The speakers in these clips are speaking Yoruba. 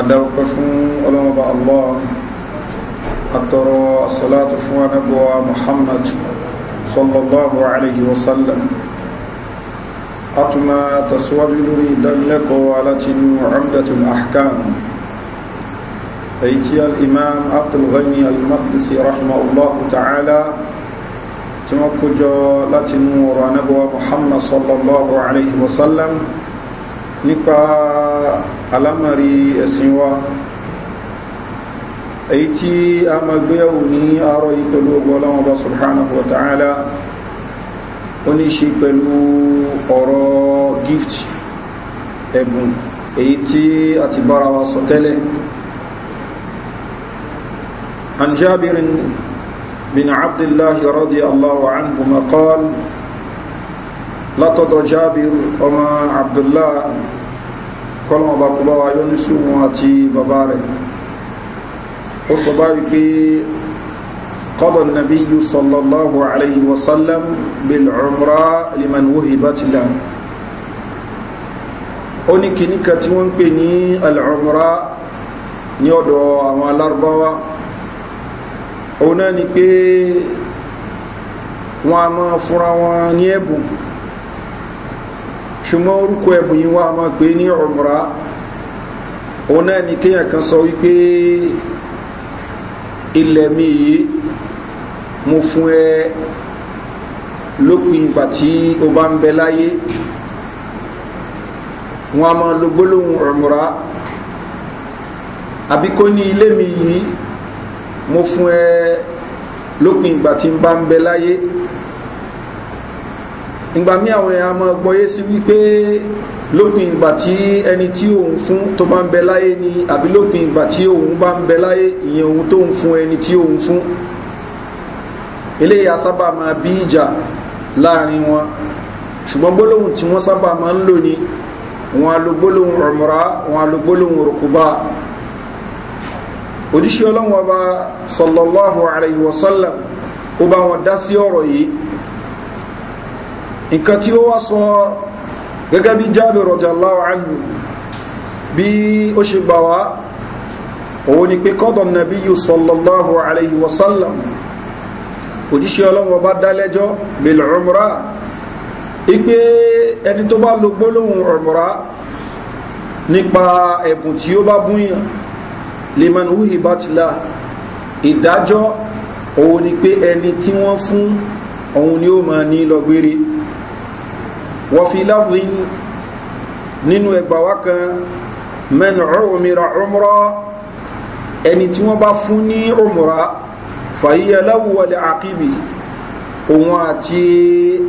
adarúpẹ́ fún ọlọ́mọba allah àtọrọ asọ́látù fún anábọ̀wá muhammad sallallahu alayhi wa sallam a tún máa tẹ̀síwájú lórí ìdánilẹ́kọ̀ọ́ alátinú amdatul ahkam èyí tí al-imam abdulghani al-maqdisi rahimahullahu ta'ala tí wọ́n kójọ látinú ọ̀rọ̀ anábọ̀wá muhammad sallallahu alayhi wa sallam nípa alámàrí ẹ̀sìn wa èyí tí a máa gbéyàwó ní àárọ̀ yìí pẹ̀lú ọgbọ́n ọlọ́wọ́n bá subhanahu wa ta'ala ó ní ṣe pẹ̀lú ọ̀rọ̀ gift ẹ̀bùn èyí tí a ti bára wa sọ tẹ́lẹ̀ an jabirin bin abdullahi radi allahu anhu maqal látọ̀dọ̀ jabir ọmọ abdullahi kọ́lọ́mù ọba kó bá wa yọ ní sùnmù àti bàbá rẹ̀ ó sọ báyìí pé قضى النبي صلى الله عليه وسلم بالعمرة لمن وهبت له ó ní kìíní kan tí wọ́n ń pè ní al'umra ṣùgbọ́n orúkọ ẹ̀bùn yìí wọ́n a máa pè ní ọ̀mùra òun náà ni kéèyàn kan sọ wípé ilẹ̀ mi yìí mo fún ẹ lópin ìgbà tí o bá ń bẹ láyé wọn a máa lo gbólóhùn ọ̀mùra àbí kó ní ilé mi yìí mo fún ẹ lópin ìgbà tí n bá ń bẹ láyé ìgbà mí àwọn èèyàn máa gbọ́yé sí wípé lópin ìgbà tí ẹni tí òun fún tó bá ń bẹ láyé ni àbí lópin ìgbà tí òun bá ń bẹ láyé ìyẹn òun tó ń fún ẹni tí òun fún eléyà sábà máa bí ìjà láàrin wọn ṣùgbọ́n gbólóhùn tí wọ́n sábà máa ń lò ní wọn a lo gbólóhùn ọ̀mọ̀ra wọn a lo gbólóhùn òrùkúbá òjíṣẹ́ ọlọ́wọ́n ọba sọlọ́láhùn àrẹ ìwọ̀sọ́lẹ̀ ó bá wọn dá sí ọ̀rọ̀ yìí nǹkan tí ó wá sọ gẹ́gẹ́ bí jáde rọ̀jà láwáánù bí ó ṣe gbà wá òun ni pé kọ́dọ̀ nàbí yìí sọlọ́láhù aláyhi wasallam òjíṣẹ́ ọlọ́wọ́ bá dálẹ́jọ́ bẹ̀lẹ̀ ọmọrá ipé ẹni tó bá lo gbólóhùn ọmọrá nípa òun ni ó máa ní lọ́gbére wọ́n fi láfi nínú ẹgbà wá kan mẹ́nu ọ̀rọ̀mìra ọmọrọ̀ ẹni tí wọ́n bá fún ní ọmọra fàyíyà láwùwọlẹ̀ àkíbì òun àti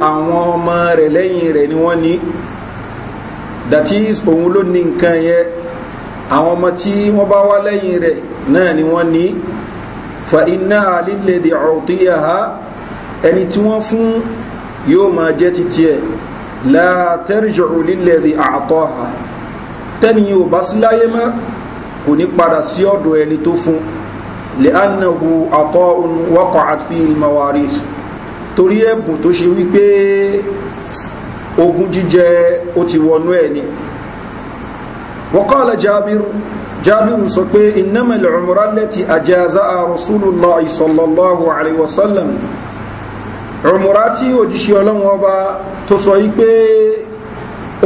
àwọn ọmọ rẹ̀ lẹ́yìn rẹ̀ ni wọ́n ní that òun ló ní nǹkan yẹn àwọn ọmọ tí wọ́n bá wá lẹ́yìn rẹ̀ náà ni wọ́n ní fa iná àlílẹ̀ dì ọ̀tíyà ha ẹni tí wọ́n fún yóò máa jẹ́ títí ẹ̀ látẹ́rìjọ̀rù lílẹ̀ di àtọ́ ha tẹ́ni yóò bá sí láyé mọ́ kò ní padà sí ọ̀dọ̀ ẹni tó fún lẹ́ánàhù àtọ́ wọ́kọ̀ àfi ìmọ̀wárí torí ẹ̀bùn tó ṣe wípé ogun jíjẹ ó ti wọnú ẹ̀ ni wọ́kọ́lá jábírù jábírù sọ pé ìnámẹ̀lẹ̀ ọmọrálẹ́tì àjẹ́ àzá àrùsúlùlọ́ ìsọ̀lọ́lọ́hù àríwọ̀sọ́lẹ̀mù ọmọrá tí òjíṣẹ́ ọlọ́run ọba tó sọ yí pé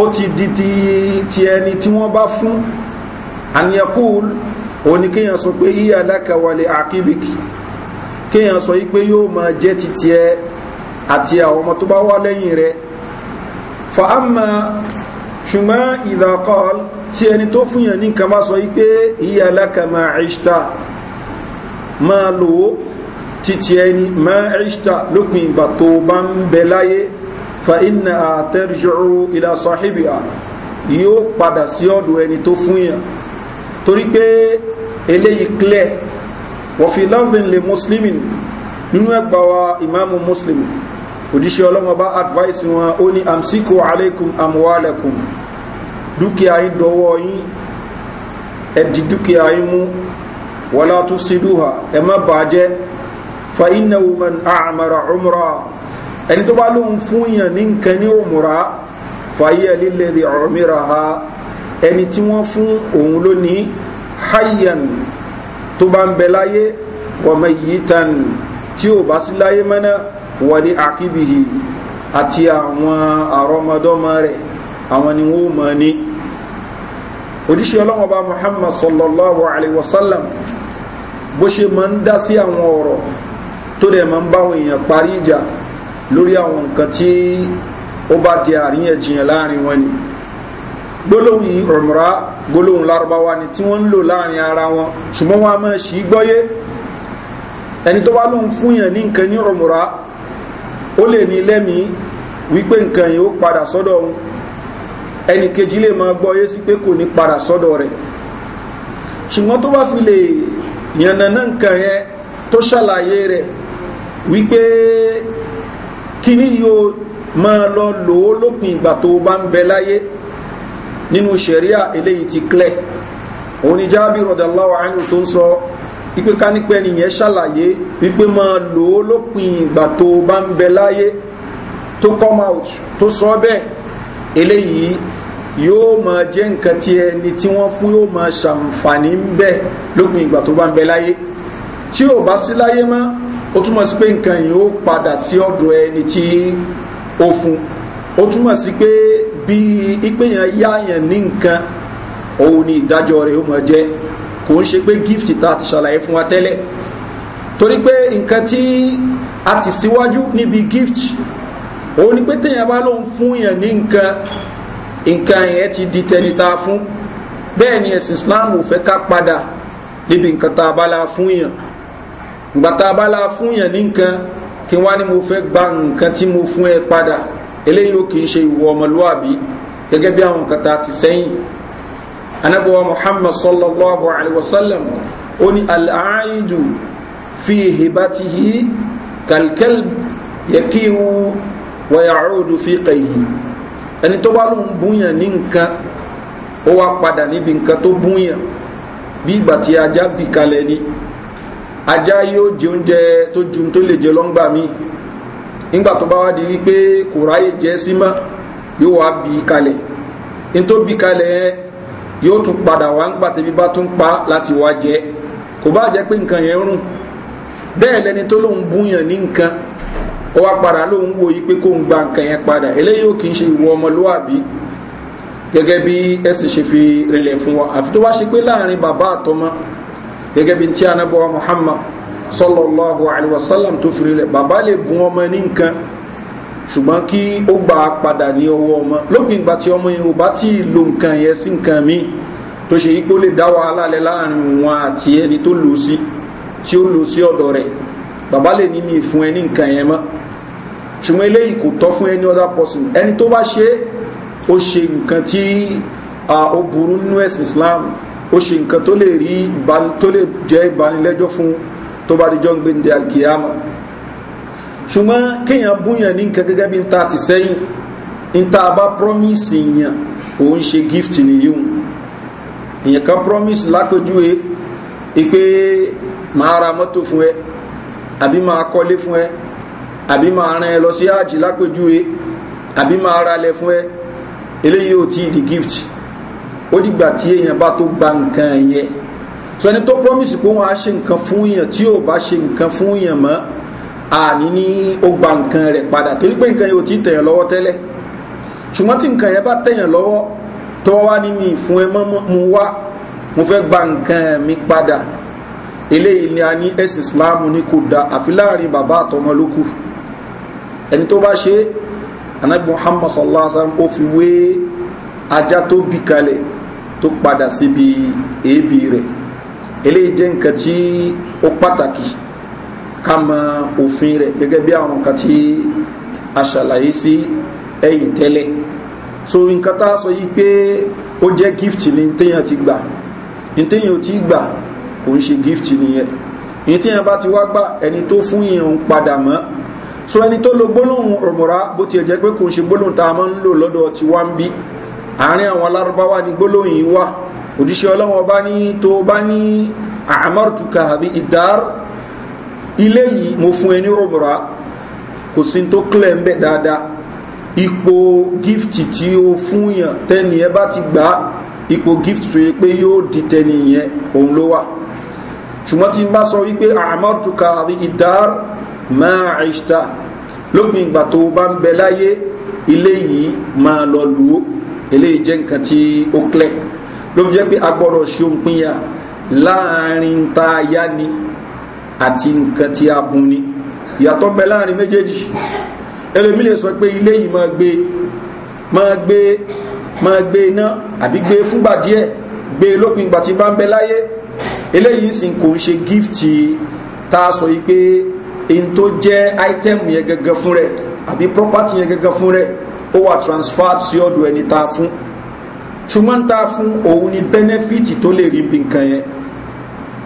ó ti di ti ẹni tí wọ́n bá fún àníyàkúl oníkéyàn sọ pé yí alákàwàlẹ̀ àkíbìkì kéyàn sọ yí pé yóò máa jẹ́ ti tiẹ àti àwọn ọmọ tó bá wá lẹ́yìn rẹ̀ fa ama ṣùgbọ́n ìdàkọ́l tí ẹni tó fúnyàn ní nǹkan bá sọ yí pé yí alákàmà àìṣtà máa lòó títí ẹni ma'ishta lópin ìgbà tó bá ń bẹ láyé fa inna àtẹ́rìṣòro ila sahibiha yóò padà sí ọ̀dọ̀ ẹni tó fún yàn torí pé eléyìí clear wọ́n fi london lè muslimin nínú ẹgbà wa ìmáàmù muslim òjíṣẹ́ ọlọ́wọ́ bá advice wọn ó ní amsiko aleikum amuwalekum dúkìá yìí dọwọ́ yìí ẹ̀dì dúkìá yìí mú wọ́lá tó sídúhà ẹ má bàjẹ́ fa iná woman àmàrà ọmọrà ẹni tó bá lóun fún yàn ní nǹkan ní òmùrà fàyẹ lílẹ̀ di ọ̀mìrà ha ẹni tí wọ́n fún òun lónìí hayan tó bá ń bẹ láyé wàmẹ yìí tan tí ò bá sí láyé mọ́nà wàlé àkíbìhì àti ni wọ́n mọ̀ ní òdíṣẹ́ ọlọ́wọ́ muhammad sallallahu alaihi wasallam bó ṣe mọ́ ń dá sí àwọn tó dẹ̀ máa ń báwọn èèyàn parí ìjà lórí àwọn nǹkan tí ó bá di àríyànjiyàn láàrin wọn ni gbólóhùn yìí gbólóhùn lárúbáwá ni tí wọ́n ń lò láàrin ara wọn ṣùgbọ́n wọn a máa ṣì í gbọ́yé ẹni tó bá lóhun fún yàn ní nǹkan ní rọ̀mọ̀rá ó lè ní lẹ́mìí wípé nǹkan yìí ó padà sọ́dọ̀ òun ẹnì kejì lè máa gbọ́yé sí pé kò ní padà sọ́dọ̀ rẹ̀ ṣùgbọ́n tó bá fi lè yànnà nǹkan yẹn tó ṣàlàyé rẹ̀ wípé kíní yóò máa lọ lò ó lópin ìgbà tó bá ń bẹ láyé nínú sẹ̀ríà eléyìí ti clẹ̀ òun ni jábí rọ̀dàláwà ánìyàn tó ń sọ wípé kánípẹ́ nìyẹn ṣàlàyé wípé máa lò lópin ìgbà tó bá ń bẹ láyé tó come out tó sọ bẹ́ẹ̀ eléyìí yóò máa jẹ́ nǹkan tí ẹni tí wọ́n fún yóò máa ṣàǹfààní ń bẹ lópin ìgbà tó bá ń bẹ láyé tí ò bá sí láyé mọ́ ó túmọ̀ sí pé nǹkan yìí ó padà sí ọ̀dọ̀ ẹni tí ó fún ó túmọ̀ sí pé bí ìpéyàn yáyàn ní nǹkan òun ni ìdájọ́ rẹ̀ ó mọ̀ jẹ́ kò ń ṣe pé gift ta ti ṣàlàyé fún wa tẹ́lẹ̀ torí pé nǹkan tí a ti síwájú níbi gift òun ni pé téèyàn bá lóun fún yàn ní nǹkan nǹkan yẹn ti di tẹni ta fún bẹ́ẹ̀ ni ẹ̀sìn islam ò fẹ́ ká padà níbi nǹkan ta bá la fún yàn gbàtà bá la fún yàn ní nǹkan kí wá ní mo fẹ́ gba nǹkan tí mo fún ẹ padà eléyìí ó kì í ṣe ìwọ ọmọlúwàbí gẹ́gẹ́ bí àwọn kàtà ti sẹ́yìn anabuwa muhammad sallallahu alaihi wasallam ó ní al'aidu fi hibatihi kalkalb yakiwu wa ya'udu fi qayhi ẹni tó bá lóun búyàn ní nǹkan ó wá padà níbi nǹkan tó búyàn bí ìgbà tí ajá bì kalẹ̀ ni ajá yóò jẹ oúnjẹ tó ju tó lè jẹ lọ́ngbà mi nígbà tó bá wá di wípé kò ráyè jẹ sí mọ́ yóò wá bì í kalẹ̀ nítorí bì kalẹ̀ yóò tún padà wá ń gbà bá tún pa láti wá jẹ kò bá jẹ́ pé nǹkan yẹn rùn bẹ́ẹ̀ lẹni tó lóun búyàn ní nǹkan ó wá padà lóun wo yìí pé kó ń gba nǹkan yẹn padà eléyìí ò kì í ṣe ìwọ ọmọlúwàbí gẹ́gẹ́ bí ẹ̀sìn ṣe fi rinlẹ̀ fún wa àfi tó wá ṣe pé láàrin bàbá àtọmọ gẹ́gẹ́ bí tí anábọ́wá muhammad sallallahu alayhi wa sallam tó fi rilẹ̀ bàbá lè gun ọmọ ní nǹkan ṣùgbọ́n kí ó gbà á padà ní ọwọ́ ọmọ lópin ìgbà tí ọmọ yìí ò bá tí ì lo nǹkan yẹn sí nǹkan míì tó ṣe yí pé ó lè dá wàhálà lẹ láàrin wọn àti ẹni tó lò sí tí ó lò sí ọ̀dọ̀ rẹ̀ bàbá lè ní mi fún ẹ ní nǹkan yẹn mọ́ ṣùgbọ́n eléyìí kò tọ́ fún ẹni other person ẹni tó bá ṣe ó ṣe nǹkan tí ó burú nínú ẹ̀sìn islam ó ṣe nǹkan tó lè rí tó lè jẹ́ ìbanilẹ́jọ́ fún tó bá di jọ́ ń gbé ní alkiyama ṣùgbọ́n kéèyàn búyàn ní nǹkan gẹ́gẹ́ bí n ta ti sẹ́yìn n ta bá promise yàn òun ṣe gift nìyíun èèyàn kan promise lápèjúwe pé máa ra mọ́tò fún ẹ àbí máa kọ́lé fún ẹ àbí máa rán ẹ lọ sí àjì lápèjúwe àbí máa ralẹ̀ fún ẹ eléyìí ò tí ì di gift ó dìgbà tí èèyàn bá tó gba nǹkan yẹn so ẹni tó promise pé wọn á ṣe nǹkan fún yàn tí ò bá ṣe nǹkan fún yàn mọ́ àní ní ó gba nǹkan rẹ̀ padà torí pé nǹkan yẹn ò tí ì tẹ̀yàn lọ́wọ́ tẹ́lẹ̀ ṣùgbọ́n tí nǹkan yẹn bá tẹ̀yàn lọ́wọ́ tó wá ní mi ẹ mọ́ mu wá mo fẹ́ gba nǹkan mi padà eléyìí ni a ní ẹ̀sìn islam ní kò da àfi láàrin bàbá àtọmọ ló kù ẹni tó bá ṣe anabi muhammad sallallahu alaihi wa sallam ó fi wé ajá tó bí kalẹ̀ tó padà síbi èébì rẹ̀ eléyìí jẹ́ nǹkan tí ó pàtàkì ká mọ òfin rẹ̀ gẹ́gẹ́ bí àwọn nǹkan tí a ṣàlàyé sí ẹ̀yìn tẹ́lẹ̀ so nǹkan tá a sọ yìí pé ó jẹ́ gift ni téèyàn ti gbà ní téèyàn ti gbà kò ń ṣe gift nìyẹn ní téèyàn bá ti wá gbà ẹni tó fún yìí padà mọ́ so ẹni tó lo gbólóhùn ọ̀mọ̀ra bó tiẹ̀ jẹ́ pé kò ń ṣe gbólóhùn tá a máa ń lò lọ́dọ̀ tiwa ń bí àárín àwọn alárúbáwá ní gbólóhùn yìí wá òjíṣẹ́ ọlọ́run ọba ní tó bá ní àmọ́rùtùkà àbí ìdár ilé yìí mo fún ẹ ní rọ̀bùrà kò sí tó kílẹ̀ ń bẹ̀ dáadáa ipò gífìtì tí ó fún yàn tẹ́ni ẹ bá ti gbà á ipò gífìtì tó yẹ pé yóò di tẹ́ni yẹn òun ló wà ṣùgbọ́n tí n bá sọ wípé àmọ́rùtùkà àbí ìdár máa àìṣta lópin ìgbà tó bá ń bẹ láyé ilé yìí máa lọ lùú eléyìí jẹ́ nǹkan tí ó clear ló fi jẹ́ pé a gbọ́dọ̀ ṣe òpin ya láàrin tá a yá ni àti nǹkan tí a bùn ni ìyàtọ̀ bẹ láàrin méjèèjì ẹlòmí lè sọ pé ilé yìí máa gbé máa gbé máa gbé iná àbí gbé fúngbà díẹ̀ gbé lópin ìgbà tí bá ń bẹ láyé eléyìí sì kò ń ṣe gífìtì tá a sọ yìí pé n tó jẹ́ áítẹ́mù yẹn gẹ́gẹ́ fún rẹ̀ àbí pọ́pátì yẹn gẹ́gẹ́ fún rẹ̀ ó wà transfer sí ọ̀dọ̀ ẹni tá a fún ṣùgbọ́n tá a fún òun ni benefit tó lè rí bí nǹkan yẹn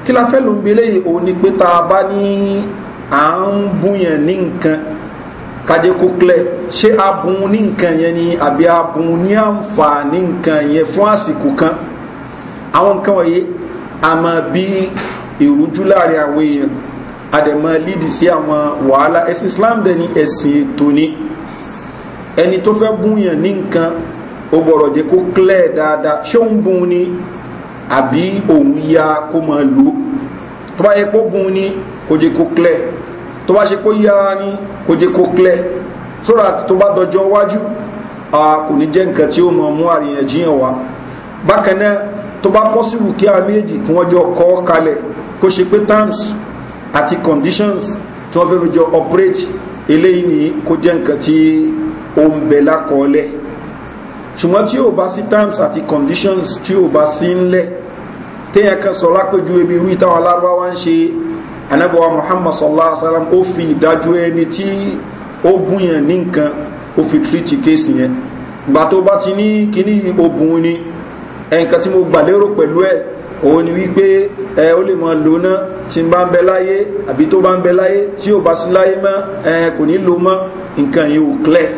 kí la fẹ́ ló ń gbélé yìí òun ni pé tá a bá ní à ń búyàn ní nǹkan kàdé kó clear ṣé a bùn ní nǹkan yẹn ni àbí a bùn ní àǹfààní nǹkan yẹn fún àsìkò kan àwọn nǹkan wọ̀nyí a bí ìrújú láàrin àwọn èèyàn a dẹ̀ máa lídìí sí àwọn wàhálà ẹ̀sìn Islam dẹ̀ ní ẹ̀sìn ètò ni ẹni tó fẹ́ búyàn ní nǹkan ó gbọ́dọ̀ jẹ́ kó clear dáadáa ṣé òun bùn ni àbí òun ya kó máa lò tó bá yẹ kó bùn ni kó jẹ́ kó clear tó bá ṣe kó ya ni kó jẹ́ kó clear so tó bá dọjọ́ wájú kò ní jẹ́ nǹkan tí ó mọ̀ mú àríyànjiyàn wa bákan náà tó bá pọ́sibù kí a méjì kí wọ́n jọ kọ́ kalẹ̀ kó ṣe pé terms àti conditions tí wọ́n fẹ́ fi jọ operate eléyìí ni kó jẹ́ nǹkan tí ó ń bẹ lákọọ́lẹ̀ ṣùgbọ́n tí ò bá sí times àti conditions tí ò bá sí ńlẹ̀ téèyàn kan sọ lápẹjú ebi irú ìtawà lárúbáwá ń ṣe anábọ̀wá muhammad sallallahu alaihi wa sallam ó fi ìdájọ́ ẹni tí ó búyàn ní nǹkan ó fi tírìtì kéèsì yẹn gbà tó bá ti ní kíní obùn ni ẹnìkan tí mo gbà lérò pẹ̀lú ẹ̀ òun ni wípé ẹ ó lè mọ lóná tí n bá ń bẹ láyé àbí tó bá ń bẹ láyé tí ò bá sí láyé mọ́ ẹ kò ní lò mọ́ nǹkan yìí ò clear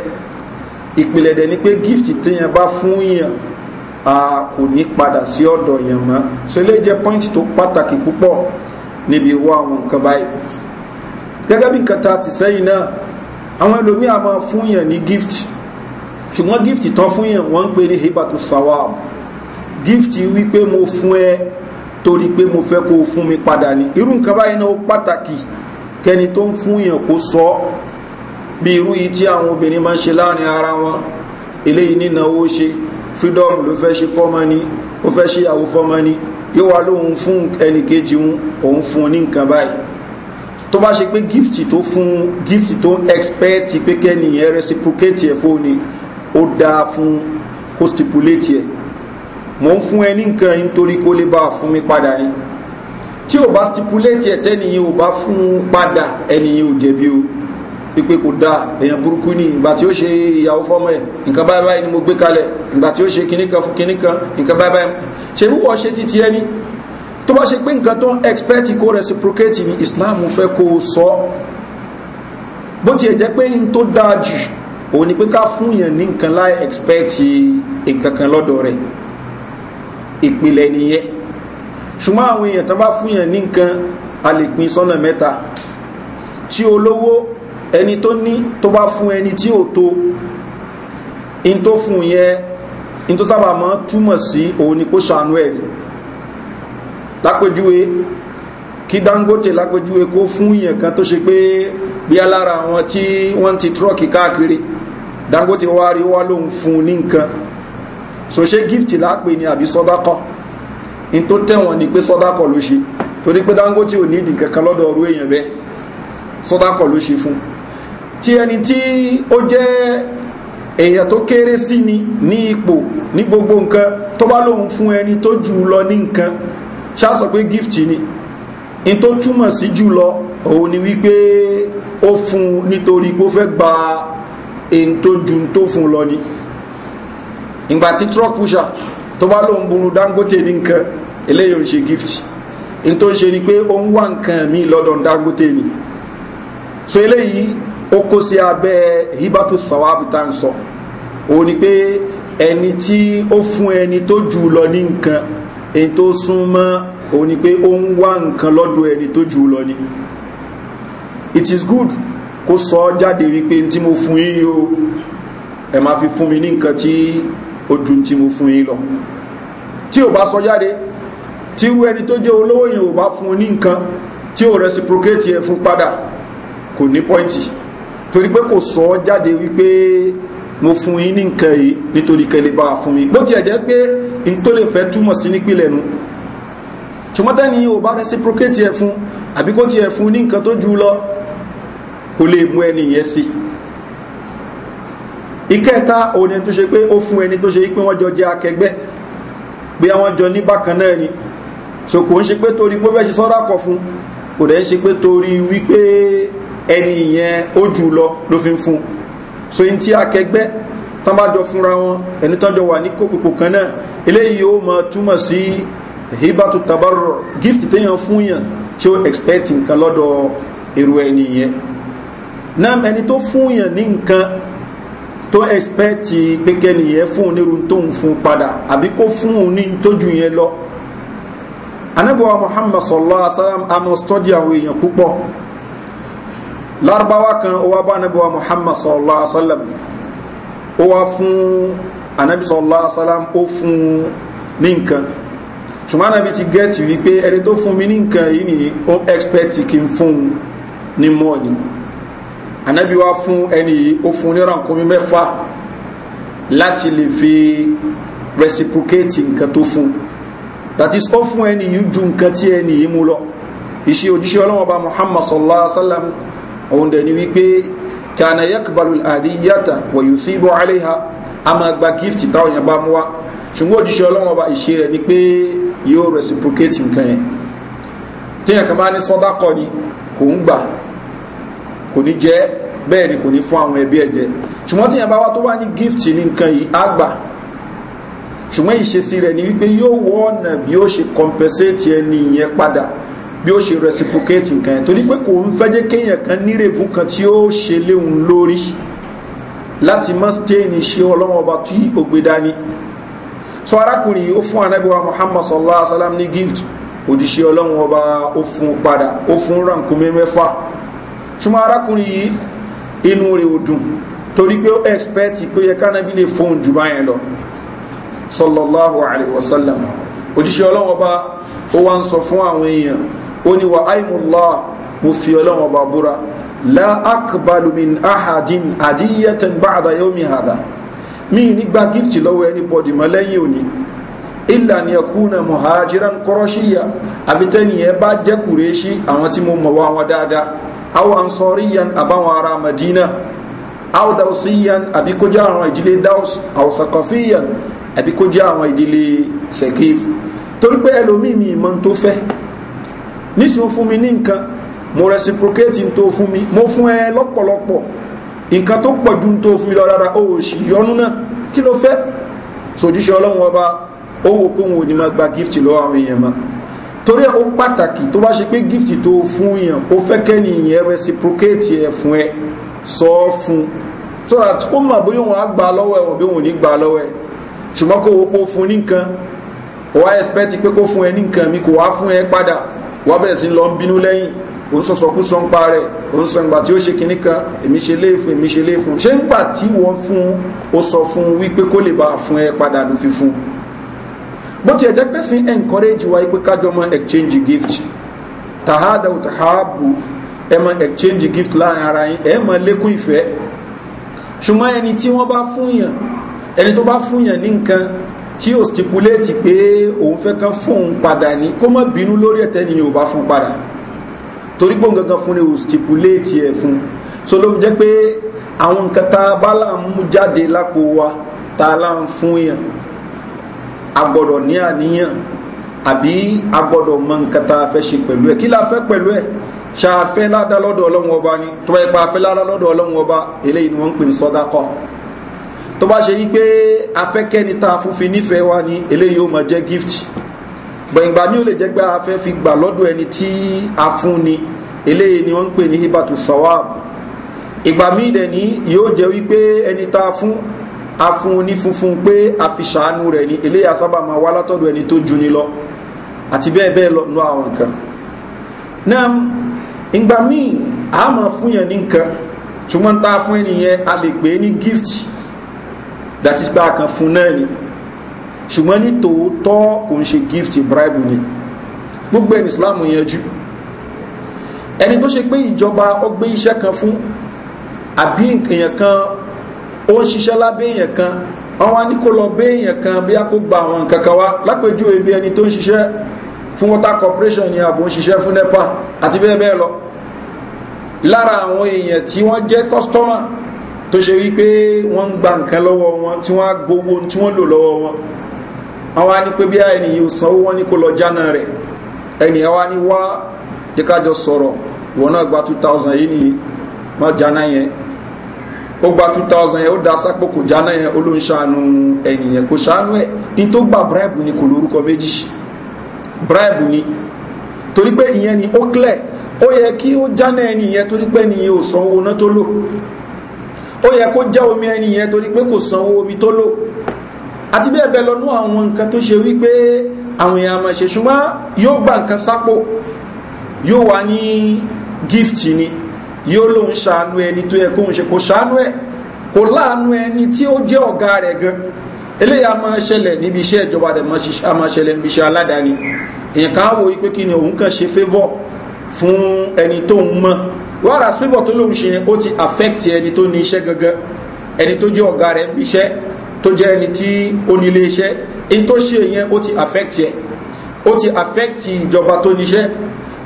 ìpìlẹ̀ dẹ̀ ni pé gift téèyàn bá fún yàn a kò ní padà sí ọ̀dọ̀ yàn mọ́ so ilé jẹ́ point tó pàtàkì púpọ̀ níbi ìwọ àwọn nǹkan báyìí gẹ́gẹ́ bí nǹkan ta ti sẹ́yìn náà àwọn ẹlòmíà máa fún yàn ní gift ṣùgbọ́n gift tán fún yàn wọ́n ń pè ní hebatu sawab gift wípé mo fún ẹ torí pé mo fẹ́ kó o fún mi padà ní irú nǹkan báyìí náà ó pàtàkì kẹni tó ń fún yàn kó sọ ọ́ bí irú yìí tí àwọn obìnrin máa ń ṣe láàrin ara wọn eléyìí nínáwó ṣe freedom ló fẹ́ ṣe fọ́mọ ni ó fẹ́ ṣe ìyàwó fọ́mọ ni yóò wá lóhun fún ẹnì kejì wọn òun fún un ní nǹkan báyìí tó bá ṣe pé gift tó fún gift tó expect pé kẹ́niyẹn reciprocate ẹ̀ fún ni ó dáa fún kó stipulate ẹ̀ mò ń fún ẹ ní nǹkan yìí nítorí kó lè bá fún mi padà ni tí ò bá stipulate ẹ̀ tẹ́niyẹn ò bá fún un padà ẹniyẹn ò jẹ̀bi o pípé kò dáa èèyàn burúkú ni ìgbà tí ó ṣe ìyàwó fọ́mọ ẹ̀ nǹkan báyìí báyìí ni mo gbé kalẹ̀ ìgbà tí ó ṣe kíníkan fún kíníkan nǹkan báyìí ṣe bí ṣe títí ẹni tó bá ṣe pé nǹkan tó ń expect kó reciprocate ni Islam fẹ́ kó o sọ bó tiẹ̀ jẹ́ pé n tó dáa jù òun ni pé ká fún yàn ní nǹkan láì expect nǹkan kan lọ́dọ̀ rẹ̀ ìpìlẹ̀ nìyẹn ṣùgbọ́n àwọn èèyàn tó bá fún yàn ní nǹkan a lè pín sọ́nà mẹ́ta tí olówó ẹni tó ní tó bá fún ẹni tí ò tó in tó fún yẹn in tó sábà mọ́ túmọ̀ sí òun ni kó ṣàánú ẹ̀rí lápẹjúwe kí dangote lápẹjúwe kó fún yẹn kan tó ṣe pé bí alára àwọn tí wọ́n ti trọ́ọ̀kì káàkiri dangote wá rí wá lóhun fún ní nǹkan so ṣe gift lápè ni àbí sọ́dákọ́ in tó tẹ̀wọ̀n ni pé sọ́dákọ́ ló ṣe torí pé dangote ò ní ìdìkankan lọ́dọ̀ ọ̀rú èèyàn bẹ́ẹ̀ sọ́dákọ́ ló ṣe fún un tí ẹni tí ó jẹ́ èèyàn tó kéré sí ni ní ipò ní gbogbo nǹkan tó bá lóun fún ẹni tó jù lọ ní nǹkan ṣá pé gift ni in tó túmọ̀ sí jù lọ òun ni wípé ó fún nítorí pé ó fẹ́ gba èyí tó ju tó fún lọ ni ìgbà tí truck pusher tó bá lóun burú dangote ní nǹkan eléyìí ò ń ṣe gift in tó ń ṣe ni pé ó ń wá nǹkan mi lọ́dọ̀ dangote ni so eléyìí ó kó sí abẹ́ hibatu sawabu tá n sọ òun ni pé ẹni tí ó fún ẹni tó jù lọ ní nǹkan èyí tó sún mọ́ òun ni pé ó ń wá nǹkan lọ́dọ̀ ẹni tó jù lọ ni it is good kó sọ ọ́ jáde wípé tí mo fún yín o ẹ máa fi fún mi ní nǹkan tí ó ju tí mo fún yín lọ tí ò bá sọ jáde tí irú ẹni tó jẹ́ olówó yẹn ò bá fún un ní nǹkan tí ò reciprocate ẹ̀ fún padà kò ní pọ́ìntì torí pé kò sọ ọ́ jáde wípé mo fún yín ní nǹkan yìí nítorí kẹlẹ́ bá fún mi bó tiẹ̀ jẹ́ pé n tó lè fẹ́ túmọ̀ sí nípìnlẹ̀ nu ṣùgbọ́n tẹ́ni ò bá reciprocate ẹ̀ fún àbí kó tiẹ̀ fún ní nǹkan tó jù lọ kò lè mú ẹni yẹn sí ìkẹta òun tó ṣe pé ó fún ẹni tó ṣe pé wọ́n jọ jẹ́ akẹgbẹ́ bí àwọn jọ ní bákan náà ni so ń ṣe pé torí pé ó fẹ́ ṣe sọ́dà kọ̀ fún kò dẹ̀ ń ṣe pé torí wípé ẹni yẹn ó jù lọ ló fi ń so n tí akẹgbẹ́ tán bá jọ fúnra wọn ẹni tán jọ wà ní kan náà eléyìí yóò mọ túmọ̀ sí hibatu tabarro gift téèyàn fún yàn expect nǹkan lọ́dọ̀ èrò ẹni yẹn náà ẹni tó fún yàn ní nǹkan tó expect pé kẹ́niyẹn fún onírun tó ń fún padà àbí kó fún un ní tójú yẹn lọ muhammad larubawa kan o wa ba anabi wa muhammad sallallahu alaihi wa sallam o wa fún anabi sallallahu alaihi wa sallam o fún ní nǹkan ṣùgbọ́n anabi ti gẹ́ẹ̀tì wípé ẹni tó fún mi ní nǹkan yìí ni o expect kí n fún un ní mọ́ọ̀nì anabi wa fún ẹni yìí ó fún ní rànkúnmí mẹ́fà láti lè fi reciprocate nǹkan tó fún that is o fún ẹni yìí ju nǹkan tí ẹni yìí mú lọ ìṣe òjíṣẹ́ ọlọ́wọ́ muhammad sallallahu alaihi wa sallam òun dẹ̀ ni wípé kana yakbalu aliyata wa yusibu aleha a máa gba gift táwọn yẹn bá mú wa ṣùgbọ́n òjíṣẹ́ ọlọ́wọ́n ọba ìṣe rẹ̀ ni pé yóò reciprocate nǹkan yẹn téèyàn kan bá ní sọ́dákọ ni kò ń gbà kò ní jẹ́ bẹ́ẹ̀ ni kò ní fún àwọn ẹbí ẹ̀ jẹ́ ṣùgbọ́n téèyàn bá wá tó wá ní gift ní nǹkan yìí á gbà ṣùgbọ́n ìṣesí rẹ̀ ni wípé yóò wọ́ ọ̀nà bí ó ṣe compensate ẹni yẹn padà bí ó ṣe reciprocate nǹkan ẹ̀ torí pé kò ń fẹ́jẹ́ kéèyàn kan nírèbù kan tí ó ṣe léhun lórí láti mọ́ stéèni ṣe ọlọ́wọ́ ọba tí ó gbé dání so arákùnrin yìí ó fún anábíwá muhammad sallallahu alaihi wa sallam ní gift òjíṣẹ́ ọlọ́wọ́ ọba ó fún padà ó fún ránkúnmé mẹ́fà ṣùgbọ́n arákùnrin yìí inú rẹ̀ ò dùn torí pé ó expect pé yẹ kánábí lè fóun jù báyẹn lọ sallallahu alaihi wa sallam òjíṣẹ́ ọlọ́wọ́ ọba ó wá ń sọ fún àwọn èèyàn ó ní wa aimullah mo fi ọlọ́run ọba búra la akbalu min ahadin adiyatan ba'da yawmi hada mi nígbà gift lọ́wọ́ anybody mọ́ lẹ́yìn òní illa ni yakuna muhajiran qurashiyya abitani e ba je kureshi àwọn tí mo mọ̀ wá wọn dáadáa aw ansariyan abawọn ará madina aw dausiyan àbí kó jẹ́ àwọn ìdílé daus aw thaqafiyan àbí kó jẹ́ àwọn ìdílé thaqif torí pé ẹlòmíì mi ìmọ̀ tó fẹ́ nísìnyí fún mi ní nǹkan mo reciprocate n tó fún mi mo fún ẹ lọ́pọ̀lọpọ̀ nǹkan tó pọ̀ ju n tó fún mi lọ rárá o ò sì yọnu náà kí ló fẹ́ sòjíṣẹ́ ọlọ́run ọba ó wò pé òun ò ní máa gba gift lọ́wọ́ àwọn èèyàn mọ́ torí ẹ ó pàtàkì tó bá ṣe pé gift tó fún yàn ó fẹ́ kẹ́ni ìyẹn reciprocate ẹ fún ẹ sọ ọ́ fún so that ó mà bóyá òun á gbà lọ́wọ́ ẹ òun bí òun ò ní gbà lọ́wọ́ ẹ ṣùgbọ́n kó o pò fún ní nǹkan wàá expect pé kó fún ẹ ní nǹkan mi kò wá fún ẹ padà wọ́n bẹ̀rẹ̀ sí lọ ń bínú lẹ́yìn òun sọ̀sọ̀ kú sọ ń pa rẹ̀ òun sọ ìgbà tí ó ṣe kinní kan èmi ṣe léèfún èmi ṣe léèfún ṣé ń gbà tí wọ́n fún ó sọ fún wípé kó lè bá fún ẹ padà nù fífún bó ti ẹ̀jẹ̀ pé sí encourage wa pé kájọ mọ exchange gift tahada o tahabu ẹ mọ exchange gift láàrin ara yín ẹ mọ lékún ìfẹ́ ṣùgbọ́n ẹni tí wọ́n bá fún yàn ẹni tó bá fún yàn ní nǹkan tí ó stipulate pé òun fẹ́ kán fóun padà ní kó má bínú lórí ẹ̀tẹ́ ni yóò bá fún padà torí pé òun gangan fún ni ó stipulate ẹ̀ fún so ló jẹ́ pé àwọn nǹkan tá a bá là ń mú jáde lápò wa tá a ń fún yàn a ní àníyàn àbí a mọ nǹkan tá fẹ́ ṣe pẹ̀lú ẹ̀ kí la fẹ́ pẹ̀lú ẹ̀ ṣáà fẹ́ ládàá lọ́dọ̀ ọlọ́run ọba ni tó bá pa afẹ́ ládàá lọ́dọ̀ ọlọ́run ọba eléyìí ni wọ́n ń pè ní sọ́dákọ́ tó bá ṣe yí pé afẹ́kẹ́ni tá a fún fi nífẹ̀ẹ́ wa ní eléyìí ó máa jẹ́ gift gbẹ̀ngbà mi ò lè jẹ́ pé a fẹ́ fi gbà lọ́dọ̀ ẹni tí a fún ni eléyìí ni wọ́n ń pè ní hibatu sawab ìgbà míì dẹ̀ ní yóò jẹ́ wípé ẹni tá a fún a fún ní funfun pé a fi ṣàánú rẹ̀ ni eléyìí asábà máa wá látọ̀dọ̀ ẹni tó ju ni lọ àti bẹ́ẹ̀ bẹ́ẹ̀ lọ nu àwọn nǹkan náà ìgbà míì a máa fún yẹn ní nǹkan ṣùgbọ́n tá fún ẹni yẹn a lè pè é ní gift that is pé a kan fún náà ni ṣùgbọ́n ní tòótọ́ kò ń ṣe gift bribe ni gbogbo ẹni islam yanjú ẹni tó ṣe pé ìjọba ó gbé iṣẹ́ kan fún àbí èèyàn kan ó ń ṣiṣẹ́ lábẹ́ èèyàn kan àwọn aníkólọ́bẹ́ èèyàn kan bí a kó gba àwọn nǹkan kan wá lápèjú ebi ẹni tó ń ṣiṣẹ́ fún water corporation ni àbò ń ṣiṣẹ́ fún nepa àti bẹ́ẹ̀ bẹ́ẹ̀ lọ lára àwọn èèyàn tí wọ́n jẹ́ customer tó ṣe wípé wọ́n ń gba nǹkan lọ́wọ́ wọn tí wọ́n á gbowó tí wọ́n lò lọ́wọ́ wọn àwọn á ní pé bí ẹni yìí sanwó wọn ní kó lọ jánà rẹ̀ ẹni àwa ní wá díkájọ sọ̀rọ̀ wọn náà gba two thousand yìí ni má jánà yẹn ó gba two thousand yẹn ó da sápò kò jánà yẹn ó ló ń ṣàánú ẹni yẹn kò ṣàánú ẹ̀ ní tó gba bribe ni kò lórúkọ méjì bribe ni torí pé ìyẹn ni ó clear ó yẹ kí ó jánà ẹni yẹn torí pé ẹni yẹn ò sanwó náà tó lò ó yẹ kó já omi ẹni yẹn torí pé kò sanwó omi tó lò àti bí ẹ̀bẹ̀ lọ́nú àwọn nǹkan tó ṣe wípé àwọn èèyàn àmọ̀ ṣe ṣùgbọ́n yóò gba nǹkan sápò yóò wà ní gift ni yóò lóun ṣàánú ẹni tó yẹ kóun ṣe kò ṣàánú ẹ kò láàánú ẹni tí ó jẹ́ ọ̀gá rẹ̀ gan eléyà máa ṣẹlẹ̀ níbi iṣẹ́ ìjọba rẹ̀ máa ṣẹlẹ̀ níbi iṣẹ́ aládàáni èèyàn kan á wo pé kí ni òun kàn ṣe favour fún ẹni tóun mọ̀ whereas favour tó lóun ṣe ni ó ti affect ẹni tó ní iṣẹ́ gangan ẹni tó jẹ́ ọ̀gá rẹ̀ níbi iṣẹ́ tó jẹ́ ẹni tí ó ní ilé iṣẹ́ in tó ṣe yẹn ó ti affect ẹ ó ti affect ìjọba tó níṣẹ́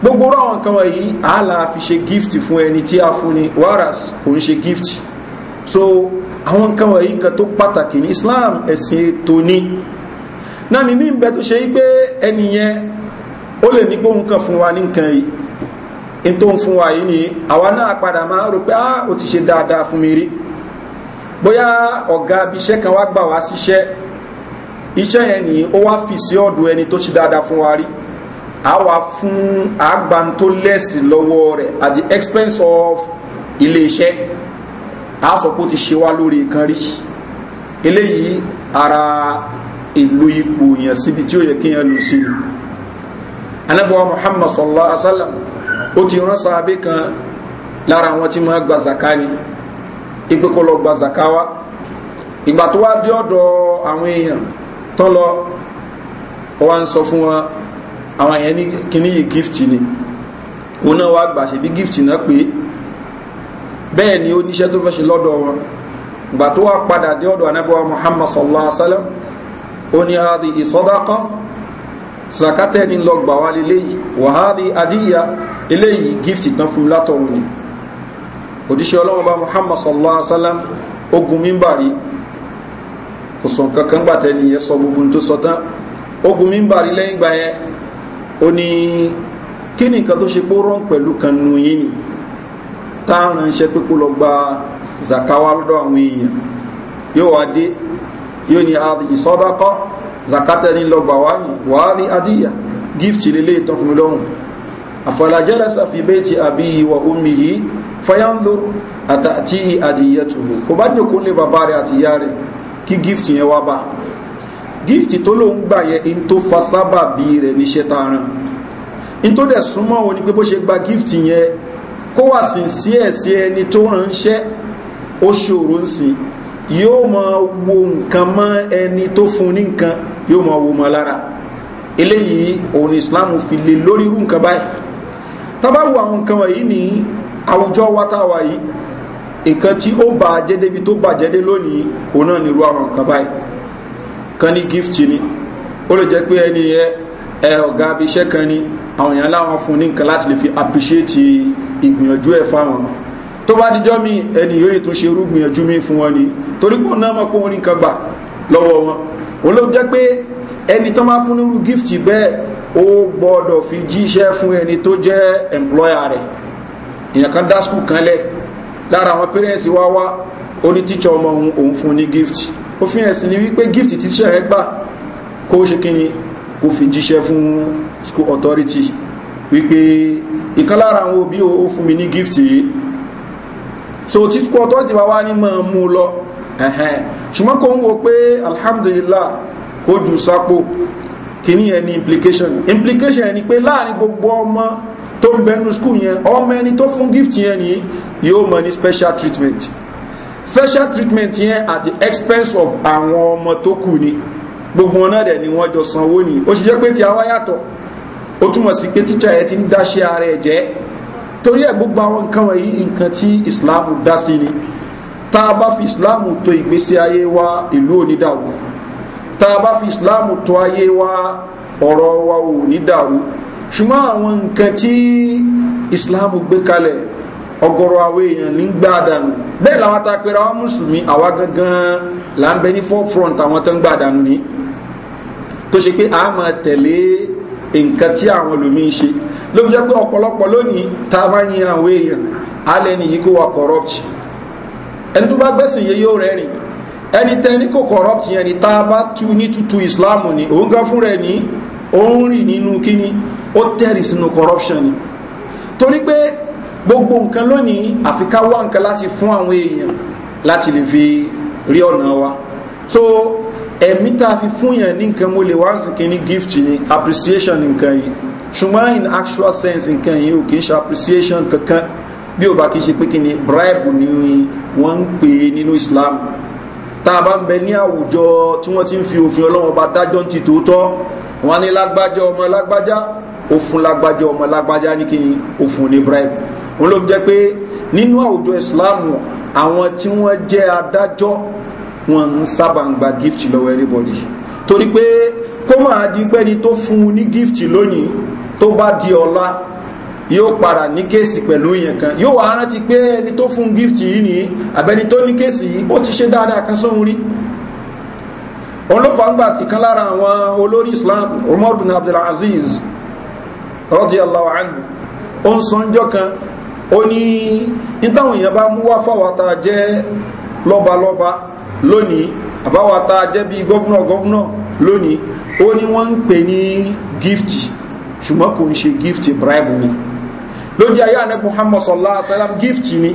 gbogbo ráwọn kan wọ̀nyí àálà fi ṣe gift fún ẹni tí a fún ni whereas kò ń ṣe gift so àwọn nǹkan wọ̀nyí kan tó pàtàkì ní islam ẹ̀sìn ètò ni náà mímí ń bẹ tó ṣe yí pé ẹnìyẹn ó lè ní pé òun kan fún wa ní nǹkan yìí in tó ń fún wa yìí ni àwa náà padà máa rò pé ah o ti ṣe dáadáa fún mi rí bóyá ọ̀gá abiṣẹ́ kan wá gbà wá síṣẹ́ iṣẹ́ yẹn ni ó wá fi sí ọ̀dọ̀ ẹni tó ṣe dáadáa fún wa rí àwa fún àgbàntó lọ́wọ́ rẹ̀ at the expense of iléeṣẹ́ àsọ̀pọ̀ ti ṣe wá lórí kan rí eléyìí ara ìlú ipò yẹn síbi tí ó yẹ kí yẹn lù sí ni anábọ̀ muhammad sallallahu alaihi wa sallam ó ti rán sàábé kan lára àwọn tí máa gba zaka ni ipe kó lọ gba wa ìgbà tó wá dé ọ̀dọ̀ àwọn èèyàn tán lọ wá ń sọ fún wọn àwọn èèyàn ní kíní yìí gift ni òun náà wá gbà ṣèbí gift náà ni ó tó fẹ́ ṣe lọ́dọ̀ wọn ìgbà tó wá padà dé ọdọ muhammad sallallahu alaihi wa sallam ó ní adi zakata ẹni lọ gbà wá léléyìí wàhálì adíyà eléyìí gift tán fún látọ̀run ni odisi ọlọ́run bá muhammad sallallahu alaihi wa sallam ogun mímbàrí kò sọ nǹkan kan gbà tẹ́ni yẹn gbogbo nto sọ tán ogun mímbàrí lẹ́yìn gbà yẹn ó ní kí ni nǹkan tó ṣe pé kan nu yín ni tá a ránṣẹ́ pé kó lọ gba zakawa lọ́dọ̀ àwọn èèyàn yi wá dé yóò ní zakatẹni lọ gbà wá ní wàhálì adíyà gift lélẹ̀ ìtàn fún mi lọ́hùn àfàlàjẹ́rẹ́ sàfibẹ́ ti àbí ìwà omi yìí fayánlò àtàtí adìyẹ ba kò bá jòkó lé bàbá rẹ̀ àti ìyá rẹ̀ kí gift yẹn wá bá gift tó ló ń gbà in tó fa sábà bí rẹ̀ níṣẹ́ in tó dẹ̀ súnmọ́ òun ni pé bó ṣe gba gift yẹn kó wà sí sí ẹ̀ sí ẹni tó ránṣẹ́ ó ṣòro ń sìn yóò mọ wo nǹkan mọ́ ẹni tó fún ní nǹkan yóò máa wo ma lára eléyìí òun ni islam fi lè lórí irú nǹkan báyìí tábàwò àwọn nǹkan wọ̀nyí ní àwùjọ wa tá a wà yìí nǹkan tí ó bà jẹ́ tó bà jẹ́ lónìí òun náà nírú àwọn nǹkan báyìí kan ní gift ni ó lè jẹ́ pé ẹni yẹ ẹ ọ̀gá abiṣẹ́ kan ni àwọn èèyàn láwọn fún ní nǹkan láti lè fi appreciate ìgbìyànjú ẹ̀ fáwọn tó bá díjọ́ mi ẹni yóò tún ṣe irú gbìyànjú mi fún wọn ni torí pé òun náà mọ̀ pé òun rí nǹkan gbà lọ́wọ́ wọn olóòwò jẹ́ pé ẹni tó máa fún nírú gift bẹ́ẹ̀ ó gbọ́dọ̀ fi jíṣẹ́ fún ẹni tó jẹ́ employer rẹ̀ èèyàn kan dá skul kan lẹ̀ lára àwọn parents wá wá ó ní ọmọ òun fún ní gift ó fi hàn sí ni wípé gift tíṣà rẹ̀ gbà kó ṣe kí kó fi jíṣẹ́ fún school authority wípé ìkan lára àwọn òbí ó fún mi ní gift yìí so tí school authority bá wá ní mọ̀ mú lọ ẹ̀hẹ́n ṣùgbọ́n kò ń wo pé alhamdulillah kò jù sápò kì ní ẹni implication implication ẹni pé láàrin gbogbo ọmọ tó ń bẹnu skul yẹn ọmọ ẹni tó fún gift yẹn ni yóò mọ ní special treatment special treatment yẹn at the expense of àwọn ọmọ tó kù ni gbogbo wọn náà dẹ̀ ni wọ́n jọ sanwó ni ó ṣiṣẹ́ pé ti àwa yàtọ̀ ó túmọ̀ sí pé tíṣà ẹ ti ń dáṣẹ́ ara ẹ̀ jẹ́ torí ẹ̀ gbogbo àwọn nǹkan wọ̀nyí nǹkan tí Islam dá sí ni tá a bá fi islam tó ìgbésí ayé wa ìlú ò ní dàrú tá a bá fi islam tó ayé wa ọ̀rọ̀ wa ò ní dàrú ṣùgbọ́n àwọn nǹkan tí islam gbé kalẹ̀ ọgọ́rọ̀ àwọn èèyàn ní gbá dànù bẹ́ẹ̀ làwọn ta pera wọn mùsùlùmí àwa gangan là ń bẹ ní forefront àwọn tó ń gbá dànù ni tó ṣe pé a tẹ̀lé nǹkan tí àwọn lòmí ń ṣe ló jẹ́ pé ọ̀pọ̀lọpọ̀ lónìí tá a bá yin àwọn èèyàn alẹ́ nìyí kó wa corrupt ẹni tó bá gbẹ́sìn yẹ yóò rẹ̀ rìn ẹni tẹni kò corrupt yẹn ni tá a bá tú ní tútù islam ni òun gan fún rẹ̀ ní òun rìn nínú kíní ó tẹ̀rì sínú corruption ni torí pé gbogbo nǹkan lónìí àfi wá nǹkan láti fún àwọn èèyàn láti lè fi rí ọ̀nà wa so ẹ̀mí tá a fi fún yẹn ní nǹkan mo lè wá sí kíní gift ni appreciation nǹkan yìí ṣùgbọ́n in actual sense nǹkan yìí ò kì í ṣe appreciation kankan bí ó bá kì í ṣe pé kíni bribe ni wọ́n ń pè é nínú islam tá a bá ń bẹ ní àwùjọ tí wọ́n ti ń fi òfin ọlọ́wọ́n bá dájọ́ ti tòótọ́ wọ́n ní lágbájá ọmọ lágbájá òfun lágbájá ọmọ lágbájá ní kíni òfun ní bribe òun ló fi jẹ́ pé nínú àwùjọ islam àwọn tí wọ́n jẹ́ adájọ́ wọn ń sábà ń gba gift lọ́wọ́ everybody torí pé kó máa di pẹ́ni tó fún un ní gift lónìí tó bá di ọ̀la yóò para ní kéèsì pẹ̀lú èèyàn kan yóò wá rántí pé ẹni tó fún gift yìí ní àbẹni tó ní kéèsì yìí ó ti ṣe dáadáa kan sóhun rí olófàǹgbà ìkan lára àwọn olórí islam umar bin abdulaziz radiyallahu anhu ó ń sanjọ́ kan ó ní ìtàwọn èèyàn bá mú wá fáwata jẹ́ lọ́balọ́ba lónìí àbáwata jẹ́ bí gọ́vnà gọ́vnà lónìí ó ní wọ́n ń pè ní gift ṣùgbọ́n kò ń ṣe gift bribe ni lójú ayé ànẹ́ muhammad sallallahu alaihi wasallam gift ni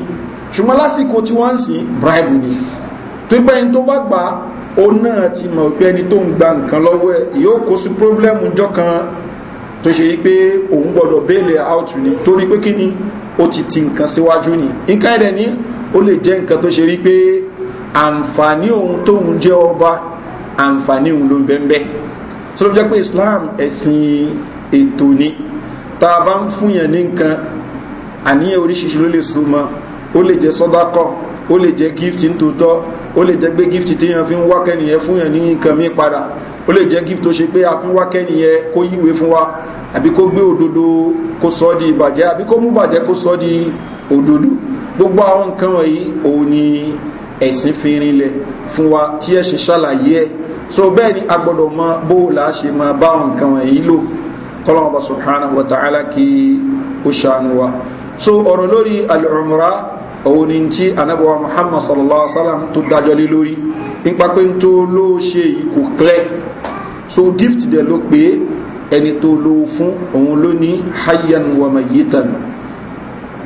ṣùgbọ́n lásìkò tí wọ́n ń sìn bribe ni tó pẹ́ ní tó bá gbà ó náà ti mọ̀ pé ẹni tó ń gba nǹkan lọ́wọ́ ẹ̀ yóò kó sí problem jọ kan tó ṣe yí pé òun gbọ́dọ̀ béèlè out ni torí pé kí ni ó ti ti nǹkan síwájú ni nǹkan ẹ̀rẹ̀ ni ó lè jẹ́ nǹkan tó ṣe yí pé àǹfààní òun tóun jẹ́ ọba àǹfààní òun ló ń bẹ́ńbẹ́ tó ló jẹ́ pé islam ẹ̀sìn ètò ni tá a bá ń fún yẹn ní nǹkan àníyàn oríṣiríṣi ló lè so mọ́ ó lè jẹ́ sọ́dákọ́ ó lè jẹ́ gift nítòótọ́ ó lè jẹ́ pé gift téèyàn fi ń wá kẹ́nìyẹn fún yẹn ní nǹkan mi padà ó lè jẹ́ gift tó ṣe pé a fi ń wá kẹ́nìyẹn kó yíwèé fún wa àbí kó gbé òdodo kó sọ di ìbàjẹ́ àbí kó mú bàjẹ́ kó sọ di òdodo gbogbo àwọn nǹkan wọ̀nyí òun ni ẹ̀sìn fi rinlẹ̀ fún wa tí ẹ̀sìn ṣàlàyé ẹ̀ so bẹ́ẹ̀ ni a mọ bó o là á ṣe máa bá àwọn nǹkan wọ̀nyí lò kọ́lọ́wọ́n bá subhanahu wa ta'ala kí ó ṣàánú wa so ọ̀rọ̀ lórí al-umra òun ni tí anábọ̀wá muhammad sallallahu alaihi wa sallam tó dájọ́ lé lórí nípa pé tó ló ṣe yìí kò clear so gift dẹ̀ ló pé ẹni tó ló fún òun ló ní hayyan wa mayitan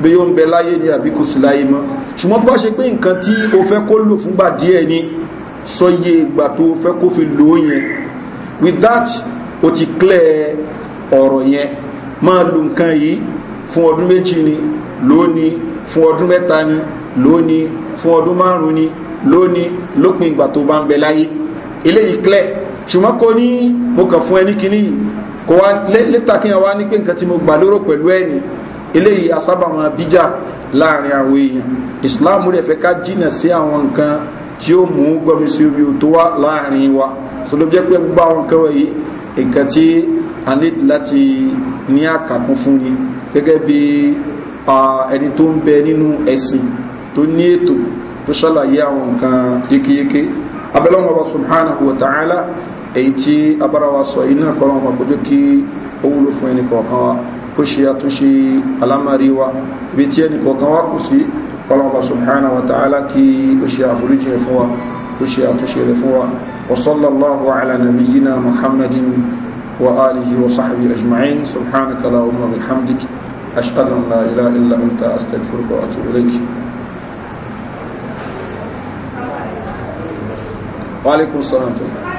bí yóò ń bẹ láyé ni àbí kò sí láyé mọ́ ṣùgbọ́n bá ṣe pé nǹkan tí o fẹ́ kó lò fúngbà díẹ̀ ni sọ iye ìgbà o fẹ́ kó fi lò ó with that o ti clear ọ̀rọ̀ yẹn máa lu nǹkan yìí fún ọdún méjì ni lónìí fún ọdún mẹ́ta ni lónìí fún ọdún márùn-ún ni lónìí lópin ìgbà tó bá ń bẹ láyé eléyìí clear ṣùgbọ́n kò ní mo kàn fún ẹni kíní yìí kò wá létà kí n wá ní pé nǹkan tí mo gbà lérò pẹ̀lú ẹni eléyìí asábàmọ́ bíjà láàrin àwọn èèyàn ìsìláàmù rẹ̀ fẹ́ ká jìnà sí àwọn nǹkan tí ó mú gbọmísí omi ò tó wá láàrin wa tó pé gbogbo àwọn nǹkan wọ̀nyí nǹkan tí a ní láti ní àkàkún fún ni gẹ́gẹ́ bí ẹni tó ń bẹ nínú ẹ̀sìn tó ní ètò tó ṣàlàyé àwọn nǹkan yékéyéké abẹ́lẹ́wọ̀n ọba subhanahu wa ta'ala èyí tí abárawa sọ yìí náà kọ́lọ́wọ́n ọba kójú kí ó wúlò fún ẹnì kọ̀ọ̀kan wa kó ṣe àtúnṣe alámàrí wa ibi tí ẹnì kọ̀ọ̀kan wa kù sí kọ́lọ́wọ́n ọba subhanahu wa ta'ala kí ó ṣe àforíjì fún wa kó ṣe àtúnṣe rẹ̀ fún wa wa sallallahu ala nabiyyina muhammadin وآله وصحبه أجمعين سبحانك اللهم وبحمدك أشهد أن لا إله إلا أنت أستغفرك وأتوب إليك وعليكم السلام ورحمة الله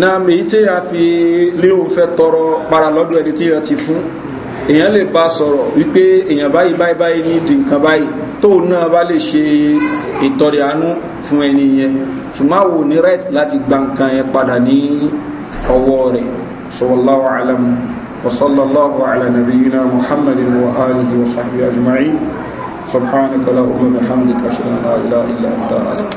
náà èyí tí a fi lé òun fẹ́ tọrọ para lọ́dọ̀ ẹni tí a ti fún èèyàn lè bá sọ̀rọ̀ wípé èèyàn báyìí báyìí báyìí ní ìdí nǹkan báyìí tóun náà bá lè ṣe ìtọrẹ àánú fún ẹni yẹn ṣùgbọ́n àwọn òní right láti gba nǹkan yẹn padà ní ọwọ́ rẹ̀ sallallahu alam wa sallallahu ala nabiyyina muhammadin wa alihi wa sahbihi ajma'in subhanaka la umma bihamdika ashhadu an illa anta astaghfiruka